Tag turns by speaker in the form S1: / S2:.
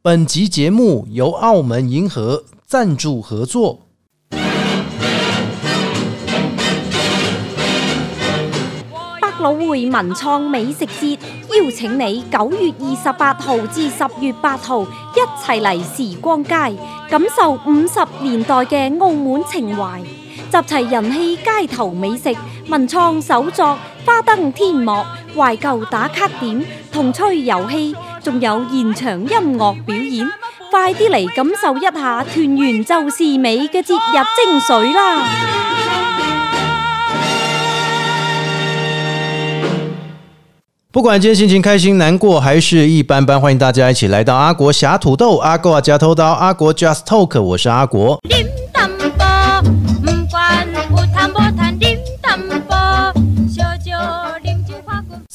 S1: 本集節目由澳門銀河贊助合作。
S2: 百老匯文創美食節邀請你九月二十八號至十月八號一齊嚟時光街，感受五十年代嘅澳門情懷，集齊人氣街頭美食、文創手作、花燈、天幕、懷舊打卡點、同吹遊戲。仲有現場音樂表演，快啲嚟感受一下團圓就是美嘅節日精髓啦！
S1: 不管今天心情開心、難過還是一般般，歡迎大家一起來到阿國呷土豆、阿國家偷刀、阿國 Just Talk，我是阿國。